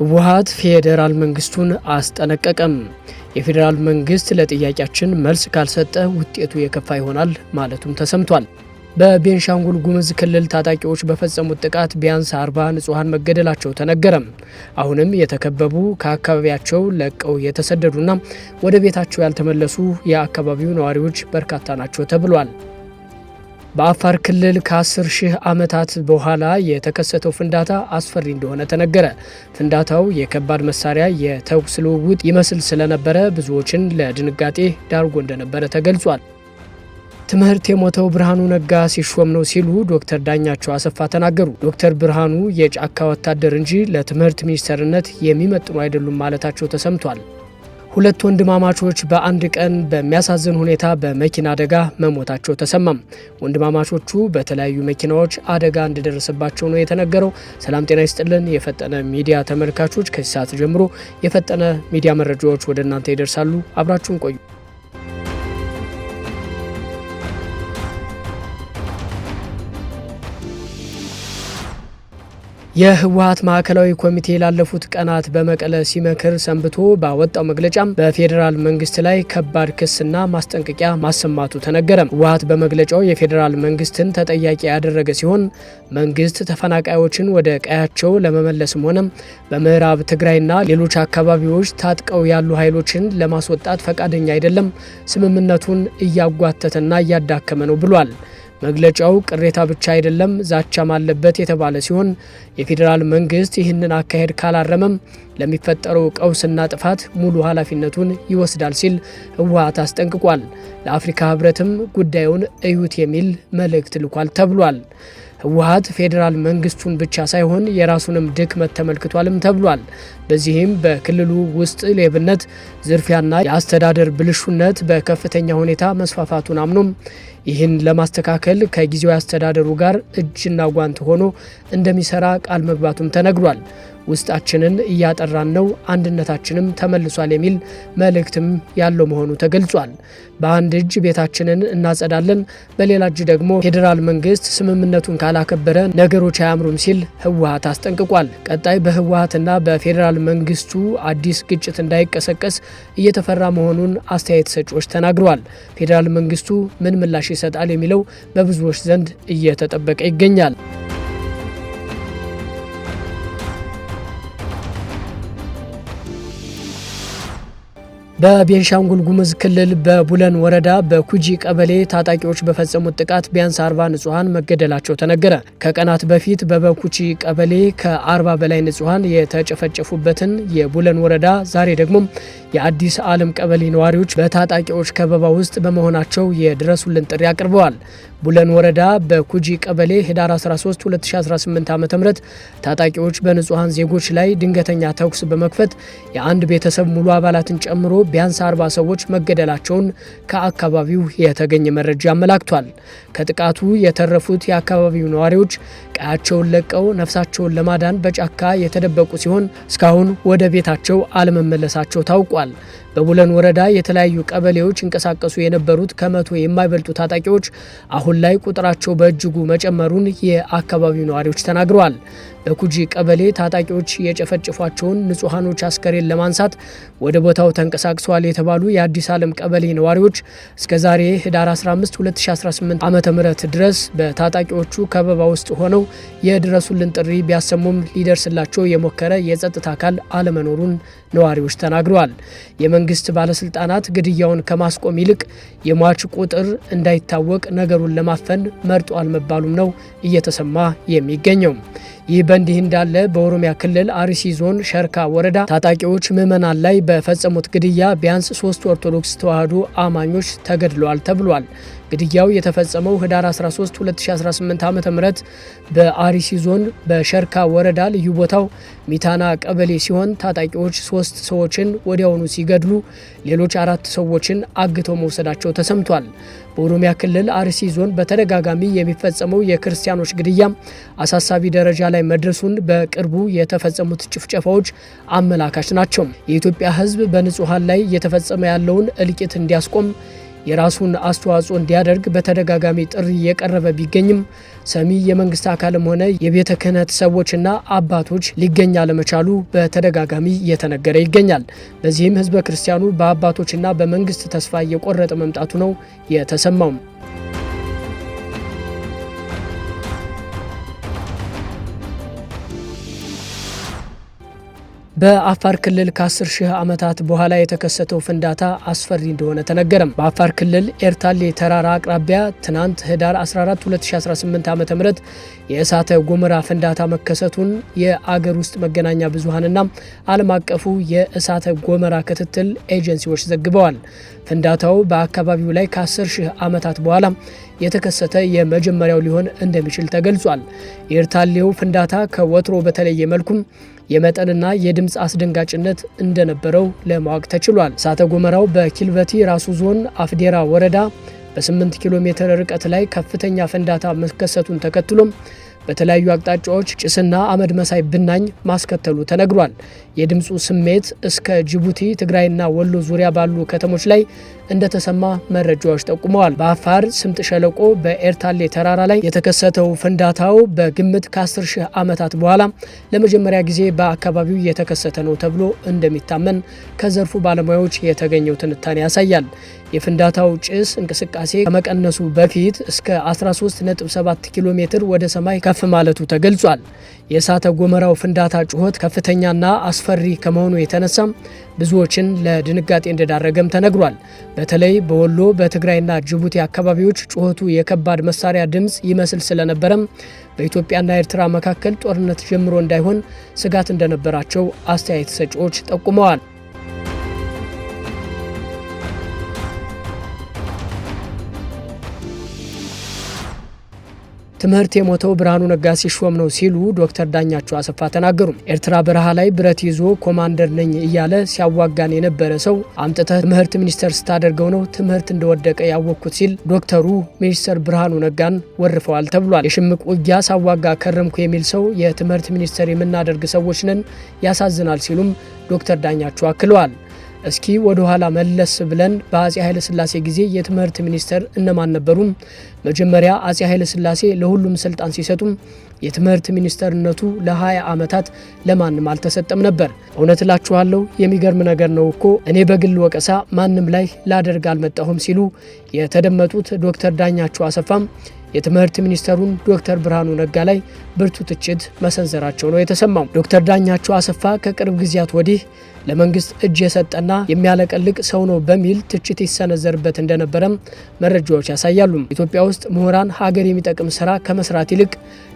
ህወሓት ፌዴራል መንግስቱን አስጠነቀቀም። የፌዴራል መንግስት ለጥያቄያችን መልስ ካልሰጠ ውጤቱ የከፋ ይሆናል ማለቱም ተሰምቷል። በቤንሻንጉል ጉምዝ ክልል ታጣቂዎች በፈጸሙት ጥቃት ቢያንስ አርባ ንጹሐን መገደላቸው ተነገረም። አሁንም የተከበቡ ከአካባቢያቸው ለቀው የተሰደዱና ወደ ቤታቸው ያልተመለሱ የአካባቢው ነዋሪዎች በርካታ ናቸው ተብሏል። በአፋር ክልል ከ10 ሺህ ዓመታት በኋላ የተከሰተው ፍንዳታ አስፈሪ እንደሆነ ተነገረ። ፍንዳታው የከባድ መሳሪያ የተኩስ ልውውጥ ይመስል ስለነበረ ብዙዎችን ለድንጋጤ ዳርጎ እንደነበረ ተገልጿል። ትምህርት የሞተው ብርሃኑ ነጋ ሲሾም ነው ሲሉ ዶክተር ዳኛቸው አሰፋ ተናገሩ። ዶክተር ብርሃኑ የጫካ ወታደር እንጂ ለትምህርት ሚኒስቴርነት የሚመጥኑ አይደሉም ማለታቸው ተሰምቷል። ሁለት ወንድማማቾች በአንድ ቀን በሚያሳዝን ሁኔታ በመኪና አደጋ መሞታቸው ተሰማም። ወንድማማቾቹ በተለያዩ መኪናዎች አደጋ እንደደረሰባቸው ነው የተነገረው። ሰላም ጤና ይስጥልን የፈጠነ ሚዲያ ተመልካቾች፣ ከዚህ ሰዓት ጀምሮ የፈጠነ ሚዲያ መረጃዎች ወደ እናንተ ይደርሳሉ። አብራችሁን ቆዩ። የህወሀት ማዕከላዊ ኮሚቴ ላለፉት ቀናት በመቀለ ሲመክር ሰንብቶ ባወጣው መግለጫም በፌዴራል መንግስት ላይ ከባድ ክስና ማስጠንቀቂያ ማሰማቱ ተነገረም። ህወሀት በመግለጫው የፌዴራል መንግስትን ተጠያቂ ያደረገ ሲሆን መንግስት ተፈናቃዮችን ወደ ቀያቸው ለመመለስም ሆነ በምዕራብ ትግራይና ሌሎች አካባቢዎች ታጥቀው ያሉ ኃይሎችን ለማስወጣት ፈቃደኛ አይደለም፣ ስምምነቱን እያጓተተና እያዳከመ ነው ብሏል። መግለጫው ቅሬታ ብቻ አይደለም ዛቻም አለበት የተባለ ሲሆን የፌዴራል መንግስት ይህንን አካሄድ ካላረመም ለሚፈጠረው ቀውስና ጥፋት ሙሉ ኃላፊነቱን ይወስዳል ሲል ህወሀት አስጠንቅቋል። ለአፍሪካ ህብረትም ጉዳዩን እዩት የሚል መልእክት ልኳል ተብሏል። ህወሀት ፌዴራል መንግስቱን ብቻ ሳይሆን የራሱንም ድክመት ተመልክቷልም ተብሏል። በዚህም በክልሉ ውስጥ ሌብነት፣ ዝርፊያና የአስተዳደር ብልሹነት በከፍተኛ ሁኔታ መስፋፋቱን አምኖም ይህን ለማስተካከል ከጊዜያዊ አስተዳደሩ ጋር እጅና ጓንት ሆኖ እንደሚሰራ ቃል መግባቱም ተነግሯል። ውስጣችንን እያጠራን ነው፣ አንድነታችንም ተመልሷል የሚል መልእክትም ያለው መሆኑ ተገልጿል። በአንድ እጅ ቤታችንን እናጸዳለን፣ በሌላ እጅ ደግሞ ፌዴራል መንግስት ስምምነቱን ካላከበረ ነገሮች አያምሩም ሲል ህወሀት አስጠንቅቋል። ቀጣይ በህወሀትና በፌዴራል መንግስቱ አዲስ ግጭት እንዳይቀሰቀስ እየተፈራ መሆኑን አስተያየት ሰጪዎች ተናግረዋል። ፌዴራል መንግስቱ ምን ምላሽ ይሰጣል የሚለው በብዙዎች ዘንድ እየተጠበቀ ይገኛል። በቤንሻንጉል ጉሙዝ ክልል በቡለን ወረዳ በኩጂ ቀበሌ ታጣቂዎች በፈጸሙት ጥቃት ቢያንስ አርባ ንጹሐን መገደላቸው ተነገረ። ከቀናት በፊት በበኩጂ ቀበሌ ከአርባ በላይ ንጹሐን የተጨፈጨፉበትን የቡለን ወረዳ ዛሬ ደግሞ የአዲስ ዓለም ቀበሌ ነዋሪዎች በታጣቂዎች ከበባ ውስጥ በመሆናቸው የድረሱልን ጥሪ አቅርበዋል። ቡለን ወረዳ በኩጂ ቀበሌ ህዳር 13 2018 ዓ ም ታጣቂዎች በንጹሐን ዜጎች ላይ ድንገተኛ ተኩስ በመክፈት የአንድ ቤተሰብ ሙሉ አባላትን ጨምሮ ቢያንስ 40 ሰዎች መገደላቸውን ከአካባቢው የተገኘ መረጃ አመላክቷል። ከጥቃቱ የተረፉት የአካባቢው ነዋሪዎች ቀያቸውን ለቀው ነፍሳቸውን ለማዳን በጫካ የተደበቁ ሲሆን እስካሁን ወደ ቤታቸው አለመመለሳቸው ታውቋል። ওয়ান በቡለን ወረዳ የተለያዩ ቀበሌዎች ይንቀሳቀሱ የነበሩት ከመቶ የማይበልጡ ታጣቂዎች አሁን ላይ ቁጥራቸው በእጅጉ መጨመሩን የአካባቢው ነዋሪዎች ተናግረዋል። በኩጂ ቀበሌ ታጣቂዎች የጨፈጨፏቸውን ንጹሐኖች አስከሬን ለማንሳት ወደ ቦታው ተንቀሳቅሰዋል የተባሉ የአዲስ ዓለም ቀበሌ ነዋሪዎች ዛሬ ህዳር 15 2018 ዓ ም ድረስ በታጣቂዎቹ ከበባ ውስጥ ሆነው የድረሱልን ጥሪ ቢያሰሙም ሊደርስላቸው የሞከረ የጸጥታ አካል አለመኖሩን ነዋሪዎች ተናግረዋል። የመንግስት ባለስልጣናት ግድያውን ከማስቆም ይልቅ የሟች ቁጥር እንዳይታወቅ ነገሩን ለማፈን መርጧል መባሉም ነው እየተሰማ የሚገኘው። ይህ በእንዲህ እንዳለ በኦሮሚያ ክልል አርሲ ዞን ሸርካ ወረዳ ታጣቂዎች ምዕመናን ላይ በፈጸሙት ግድያ ቢያንስ ሶስት ኦርቶዶክስ ተዋሕዶ አማኞች ተገድለዋል ተብሏል። ግድያው የተፈጸመው ህዳር 13 2018 ዓ ም ዞን በሸርካ ወረዳ ልዩ ቦታው ሚታና ቀበሌ ሲሆን ታጣቂዎች ሶስት ሰዎችን ወዲያውኑ ሲገድሉ ሌሎች አራት ሰዎችን አግተው መውሰዳቸው ተሰምቷል። በኦሮሚያ ክልል አርሲ ዞን በተደጋጋሚ የሚፈጸመው የክርስቲያኖች ግድያ አሳሳቢ ደረጃ ላይ መድረሱን በቅርቡ የተፈጸሙት ጭፍጨፋዎች አመላካች ናቸው። የኢትዮጵያ ሕዝብ በንጹሐን ላይ እየተፈጸመ ያለውን እልቂት እንዲያስቆም የራሱን አስተዋጽኦ እንዲያደርግ በተደጋጋሚ ጥሪ የቀረበ ቢገኝም ሰሚ የመንግስት አካልም ሆነ የቤተ ክህነት ሰዎችና አባቶች ሊገኝ አለመቻሉ በተደጋጋሚ እየተነገረ ይገኛል። በዚህም ህዝበ ክርስቲያኑ በአባቶችና በመንግስት ተስፋ እየቆረጠ መምጣቱ ነው የተሰማውም። በአፋር ክልል ከ10 ሺህ ዓመታት በኋላ የተከሰተው ፍንዳታ አስፈሪ እንደሆነ ተነገረም። በአፋር ክልል ኤርታሌ ተራራ አቅራቢያ ትናንት ህዳር 14 2018 ዓ ም የእሳተ ጎመራ ፍንዳታ መከሰቱን የአገር ውስጥ መገናኛ ብዙሃንና ዓለም አቀፉ የእሳተ ጎመራ ክትትል ኤጀንሲዎች ዘግበዋል። ፍንዳታው በአካባቢው ላይ ከ10 ሺህ ዓመታት በኋላ የተከሰተ የመጀመሪያው ሊሆን እንደሚችል ተገልጿል። የኤርታሌው ፍንዳታ ከወትሮ በተለየ መልኩም የመጠንና የድምፅ አስደንጋጭነት እንደነበረው ለማወቅ ተችሏል። እሳተ ጎመራው በኪልበቲ ራሱ ዞን አፍዴራ ወረዳ በ8 ኪሎ ሜትር ርቀት ላይ ከፍተኛ ፍንዳታ መከሰቱን ተከትሎም በተለያዩ አቅጣጫዎች ጭስና አመድ መሳይ ብናኝ ማስከተሉ ተነግሯል። የድምፁ ስሜት እስከ ጅቡቲ፣ ትግራይና ወሎ ዙሪያ ባሉ ከተሞች ላይ እንደተሰማ መረጃዎች ጠቁመዋል። በአፋር ስምጥ ሸለቆ በኤርታሌ ተራራ ላይ የተከሰተው ፍንዳታው በግምት ከ10 ሺህ ዓመታት በኋላ ለመጀመሪያ ጊዜ በአካባቢው የተከሰተ ነው ተብሎ እንደሚታመን ከዘርፉ ባለሙያዎች የተገኘው ትንታኔ ያሳያል። የፍንዳታው ጭስ እንቅስቃሴ ከመቀነሱ በፊት እስከ 13.7 ኪሎ ሜትር ወደ ሰማይ ከፍ ማለቱ ተገልጿል። የእሳተ ጎመራው ፍንዳታ ጩኸት ከፍተኛና አስፈሪ ከመሆኑ የተነሳም ብዙዎችን ለድንጋጤ እንደዳረገም ተነግሯል። በተለይ በወሎ በትግራይና ጅቡቲ አካባቢዎች ጩኸቱ የከባድ መሳሪያ ድምፅ ይመስል ስለነበረም በኢትዮጵያና ኤርትራ መካከል ጦርነት ጀምሮ እንዳይሆን ስጋት እንደነበራቸው አስተያየት ሰጪዎች ጠቁመዋል። ትምህርት የሞተው ብርሃኑ ነጋ ሲሾም ነው ሲሉ ዶክተር ዳኛቸው አሰፋ ተናገሩ። ኤርትራ በረሃ ላይ ብረት ይዞ ኮማንደር ነኝ እያለ ሲያዋጋን የነበረ ሰው አምጥተህ ትምህርት ሚኒስተር ስታደርገው ነው ትምህርት እንደወደቀ ያወቅኩት ሲል ዶክተሩ ሚኒስተር ብርሃኑ ነጋን ወርፈዋል ተብሏል። የሽምቅ ውጊያ ሳዋጋ ከረምኩ የሚል ሰው የትምህርት ሚኒስተር የምናደርግ ሰዎች ነን፣ ያሳዝናል ሲሉም ዶክተር ዳኛቸው አክለዋል። እስኪ ወደ ኋላ መለስ ብለን በአጼ ኃይለ ስላሴ ጊዜ የትምህርት ሚኒስተር እነማን ነበሩ? መጀመሪያ አጼ ኃይለ ስላሴ ለሁሉም ስልጣን ሲሰጡም የትምህርት ሚኒስተርነቱ ለ20 ዓመታት ለማንም አልተሰጠም ነበር። እውነት እላችኋለሁ የሚገርም ነገር ነው እኮ እኔ በግል ወቀሳ ማንም ላይ ላደርግ አልመጣሁም ሲሉ የተደመጡት ዶክተር ዳኛቸው አሰፋም የትምህርት ሚኒስተሩን ዶክተር ብርሃኑ ነጋ ላይ ብርቱ ትችት መሰንዘራቸው ነው የተሰማው። ዶክተር ዳኛቸው አሰፋ ከቅርብ ጊዜያት ወዲህ ለመንግስት እጅ የሰጠና የሚያለቀልቅ ሰው ነው በሚል ትችት ይሰነዘርበት እንደነበረም መረጃዎች ያሳያሉ። ኢትዮጵያ ውስጥ ምሁራን ሀገር የሚጠቅም ስራ ከመስራት ይልቅ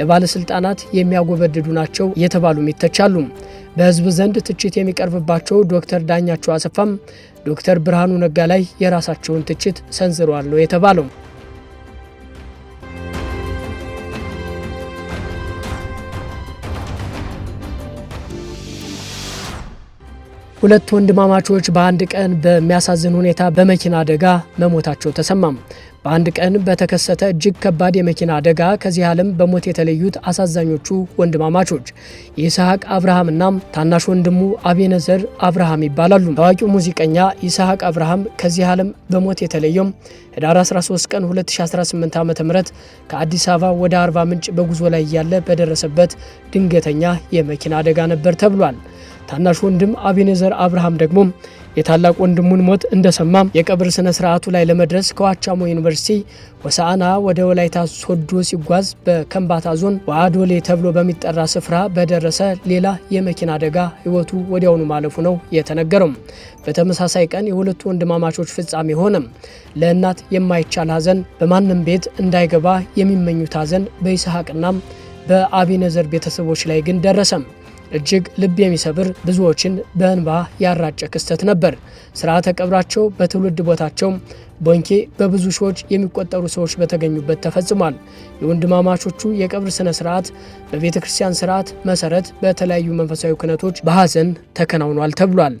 ለባለስልጣናት የሚያጎበድዱ ናቸው እየተባሉም ይተቻሉ። በህዝብ ዘንድ ትችት የሚቀርብባቸው ዶክተር ዳኛቸው አሰፋም ዶክተር ብርሃኑ ነጋ ላይ የራሳቸውን ትችት ሰንዝረዋል ነው የተባለው። ሁለት ወንድማማቾች በአንድ ቀን በሚያሳዝን ሁኔታ በመኪና አደጋ መሞታቸው ተሰማም። በአንድ ቀን በተከሰተ እጅግ ከባድ የመኪና አደጋ ከዚህ ዓለም በሞት የተለዩት አሳዛኞቹ ወንድማማቾች ይስሐቅ አብርሃምና ታናሽ ወንድሙ አቤነዘር አብርሃም ይባላሉ። ታዋቂው ሙዚቀኛ ይስሐቅ አብርሃም ከዚህ ዓለም በሞት የተለየው ህዳር 13 ቀን 2018 ዓ ም ከአዲስ አበባ ወደ አርባ ምንጭ በጉዞ ላይ እያለ በደረሰበት ድንገተኛ የመኪና አደጋ ነበር ተብሏል። ታናሽ ወንድም አቤኔዘር አብርሃም ደግሞ የታላቅ ወንድሙን ሞት እንደሰማ የቀብር ስነ ስርዓቱ ላይ ለመድረስ ከዋቻሞ ዩኒቨርሲቲ ወሳአና ወደ ወላይታ ሶዶ ሲጓዝ በከምባታ ዞን ዋአዶሌ ተብሎ በሚጠራ ስፍራ በደረሰ ሌላ የመኪና አደጋ ህይወቱ ወዲያውኑ ማለፉ ነው የተነገረው። በተመሳሳይ ቀን የሁለቱ ወንድማማቾች ፍጻሜ ሆነ። ለእናት የማይቻል ሀዘን በማንም ቤት እንዳይገባ የሚመኙት ሀዘን በይስሐቅና በአቤኔዘር ቤተሰቦች ላይ ግን ደረሰም። እጅግ ልብ የሚሰብር ብዙዎችን በእንባ ያራጨ ክስተት ነበር። ስርዓተ ቀብራቸው በትውልድ ቦታቸው ቦንኬ በብዙ ሺዎች የሚቆጠሩ ሰዎች በተገኙበት ተፈጽሟል። የወንድማማቾቹ የቀብር ስነ ስርዓት በቤተ ክርስቲያን ስርዓት መሰረት በተለያዩ መንፈሳዊ ክነቶች በሐዘን ተከናውኗል ተብሏል።